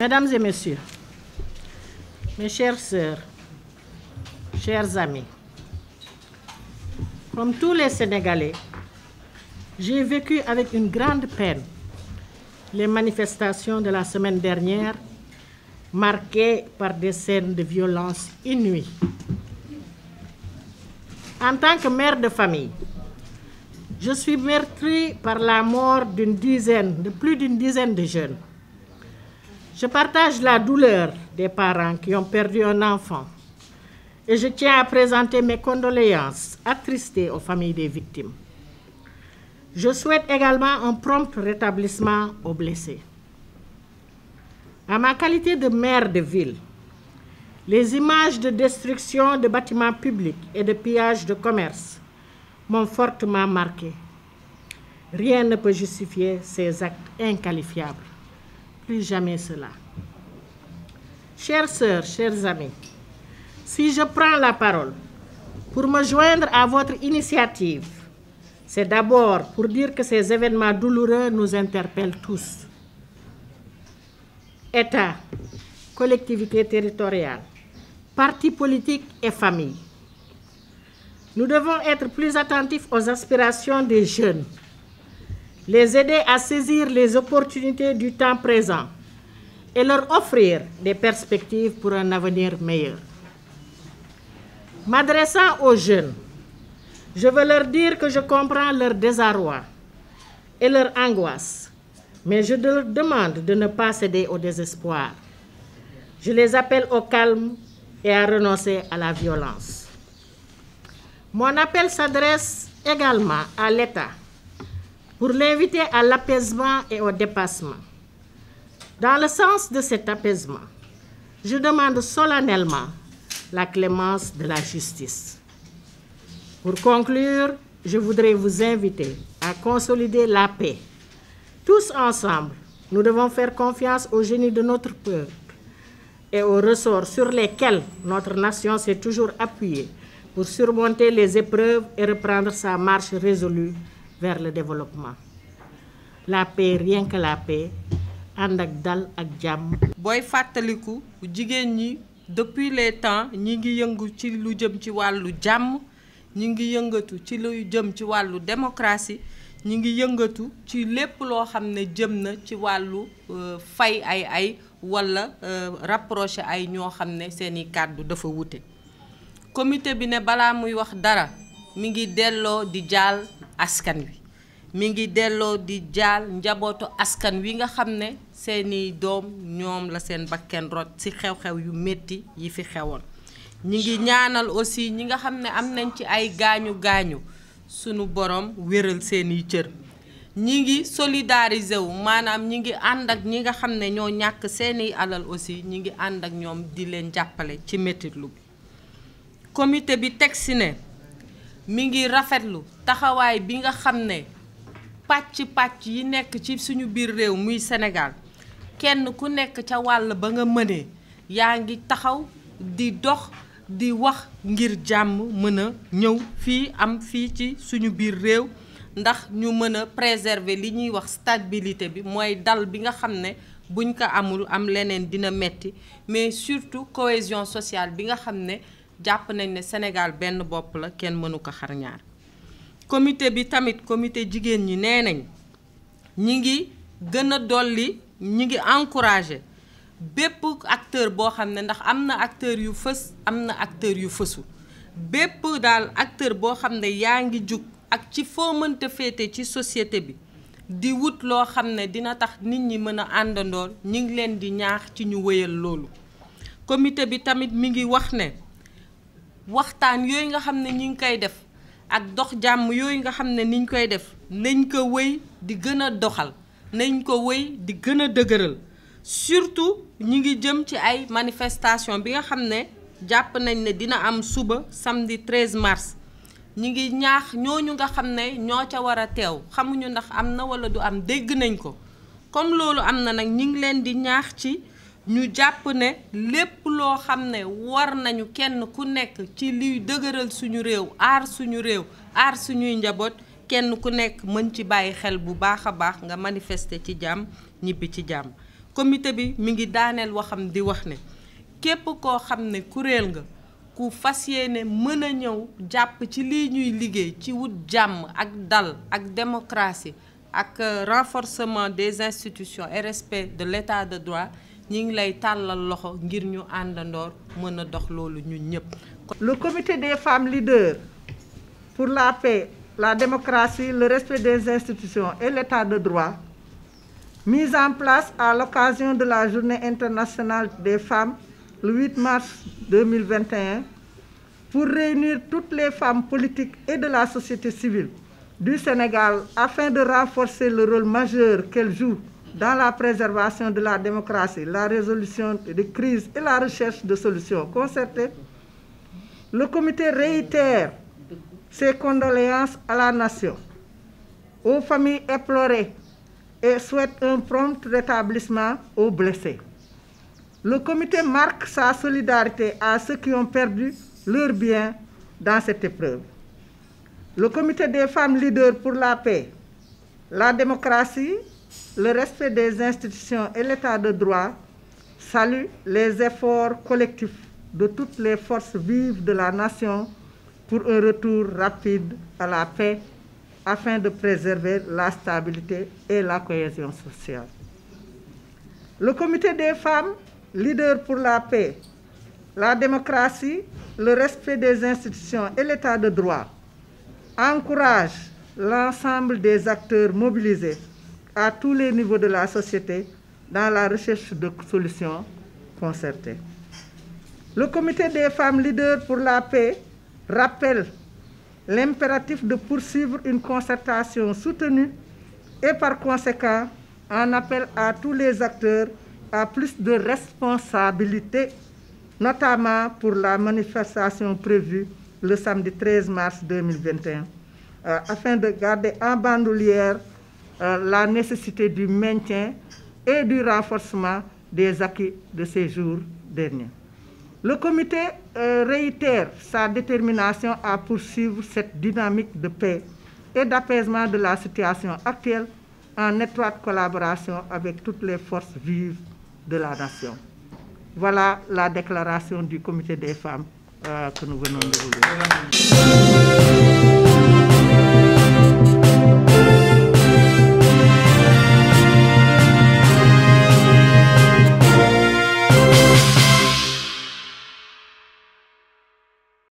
Mesdames et messieurs, mes chères sœurs, chers amis, comme tous les Sénégalais, j'ai vécu avec une grande peine les manifestations de la semaine dernière marquées par des scènes de violence inouïes. En tant que mère de famille, je suis meurtrie par la mort d'une dizaine, de plus d'une dizaine de jeunes Je partage la douleur des parents qui ont perdu un enfant et je tiens à présenter mes condoléances attristées aux familles des victimes. Je souhaite également un prompt rétablissement aux blessés. À ma qualité de maire de ville, les images de destruction de bâtiments publics et de pillage de commerce m'ont fortement marqué. Rien ne peut justifier ces actes inqualifiables. plus jamais cela. Chères sœurs, chers amis, si je prends la parole pour me joindre à votre initiative, c'est d'abord pour dire que ces événements douloureux nous interpellent tous. État, collectivités territoriales, partis politiques et familles. Nous devons être plus attentifs aux aspirations des jeunes les aider à saisir les opportunités du temps présent et leur offrir des perspectives pour un avenir meilleur. M'adressant aux jeunes, je veux leur dire que je comprends leur désarroi et leur angoisse, mais je leur demande de ne pas céder au désespoir. Je les appelle au calme et à renoncer à la violence. Mon appel s'adresse également à l'État pour l'inviter à l'apaisement et au dépassement. Dans le sens de cet apaisement, je demande solennellement la clémence de la justice. Pour conclure, je voudrais vous inviter à consolider la paix. Tous ensemble, nous devons faire confiance au génie de notre peuple et aux ressorts sur lesquels notre nation s'est toujours appuyée pour surmonter les épreuves et reprendre sa marche résolue vers le développement la paix rien que la ànd ak dal ak jàmm. booy fàttaliku jigéen ñi depuis les temps ñi ngi yëngu ci lu jëm ci wàllu jàmm ñi ngi yëngatu ci lu jëm ci wàllu démocratie ñi ngi yëngatu ci lépp loo xam ne jëm na ci wàllu euh, fay ay ay walla euh, rapproché ay ñoo xam ne seeni kàddu dafa wute comité bi ne balaa muy wax dara mi ngi delloo di jaal. askan wi mi ngi delloo di jaal njabootu askan wi nga xam ne seeni doom ñoom la seen bakken rot ci xew-xew yu métti yi fi xewoon ñi ngi ñaanal aussi ñi nga xam ne am nañ ci ay gaañu gaañu sunu borom wéral seeni cër ñi ngi solidariser wu maanaam ñi ngi ànd ak ñi nga xam ne ñoo ñàkk seeni alal aussi ñi ngi ànd ak ñoom di leen jàppale ci métitlu bi comité bi teg si ne mi ngi rafetlu taxawaay bi nga xam ne pàcc-pàcc yi nekk ci suñu biir réew muy Sénégal kenn ku nekk ca wàll ba nga mënee yaa ngi taxaw di dox di wax ngir jàmm mën a ñëw fii am fii ci suñu biir réew ndax ñu mën a préserver li ñuy wax stabilité bi mooy dal bi nga xam ne buñ ko amul am leneen dina metti mais surtout cohésion sociale bi nga xam ne jàpp nañ ne Sénégal benn bopp la kenn mënu ko xarñaar ñaar comité bi tamit comité jigéen ñi nee nañ ñi ngi gën a dolli ñi ngi encouragé bépp acteur boo xam ne ndax am na acteur yu fës am na acteur yu fësu bépp daal acteur boo xam ne yaa ngi jug ak ci foo mënta féete ci société bi di wut loo xam ne dina tax nit ñi mën a àndandoo ñu ngi leen di ñaax ci ñu wéyal loolu comité bi tamit mu ngi wax ne waxtaan yooyu nga xam ne ñu ngi koy def ak dox jàmm yooyu nga xam ne niñ koy def nañ ko woy di gën a doxal nañ ko woy di gën a dëgëral surtout ñu ngi jëm ci ay manifestation bi nga xam ne jàpp nañ ne dina am suba samedi 13 mars ñi ngi ñaax ñooñu nga xam ne ñoo ca war a teew xamuñu ndax am na wala du am dégg nañ ko comme loolu am na nag ñi ngi leen di ñaax ci ñu jàpp ne lépp loo xam ne war nañu kenn ku nekk ci liy dëgëral suñu réew aar suñu réew aar suñuy njaboot kenn ku nekk mën ci bàyyi xel bu baax a baax nga manifester ci jàmm ñibbi ci jàmm comité bi mi ngi daaneel waxam di wax ne képp koo xam ne kuréel nga ku fas ne mën a ñëw jàpp ci lii ñuy liggéey ci wut jàmm ak dal ak démocratie ak euh, renforcement des institutions et respect de l'état de droit ñi ngi lay tàllal loxo ngir ñu àndandoor mën a dox loolu ñun ñëpp. le comité des femmes leaders pour la paix la démocratie le respect des institutions et l'état de droit mise en place à l'occasion de la journée internationale des femmes le 8 mars 2021 pour réunir toutes les femmes politiques et de la société civile du Sénégal afin de renforcer le rôle majeur qu'elles jouent dans la préservation de la démocratie, la résolution de crises et la recherche de solutions concertées, le comité réitère ses condoléances à la nation, aux familles éplorées et souhaite un prompt rétablissement aux blessés. Le comité marque sa solidarité à ceux qui ont perdu leurs biens dans cette épreuve. Le comité des femmes leaders pour la paix, la démocratie le respect des institutions et l'état de droit salue les efforts collectifs de toutes les forces vives de la nation pour un retour rapide à la paix afin de préserver la stabilité et la cohésion sociale. Le comité des femmes, leader pour la paix, la démocratie, le respect des institutions et l'état de droit, encourage l'ensemble des acteurs mobilisés à tous les niveaux de la société dans la recherche de solutions concertées. Le comité des femmes leaders pour la paix rappelle l'impératif de poursuivre une concertation soutenue et par conséquent en appelle à tous les acteurs à plus de responsabilité, notamment pour la manifestation prévue le samedi 13 mars 2021, euh, afin de garder en bandoulière Euh, la nécessité du maintien et du renforcement des acquis de ces jours derniers. Le comité euh, réitère sa détermination à poursuivre cette dynamique de paix et d'apaisement de la situation actuelle en étroite collaboration avec toutes les forces vives de la nation. Voilà la déclaration du comité des femmes euh, que nous venons de vous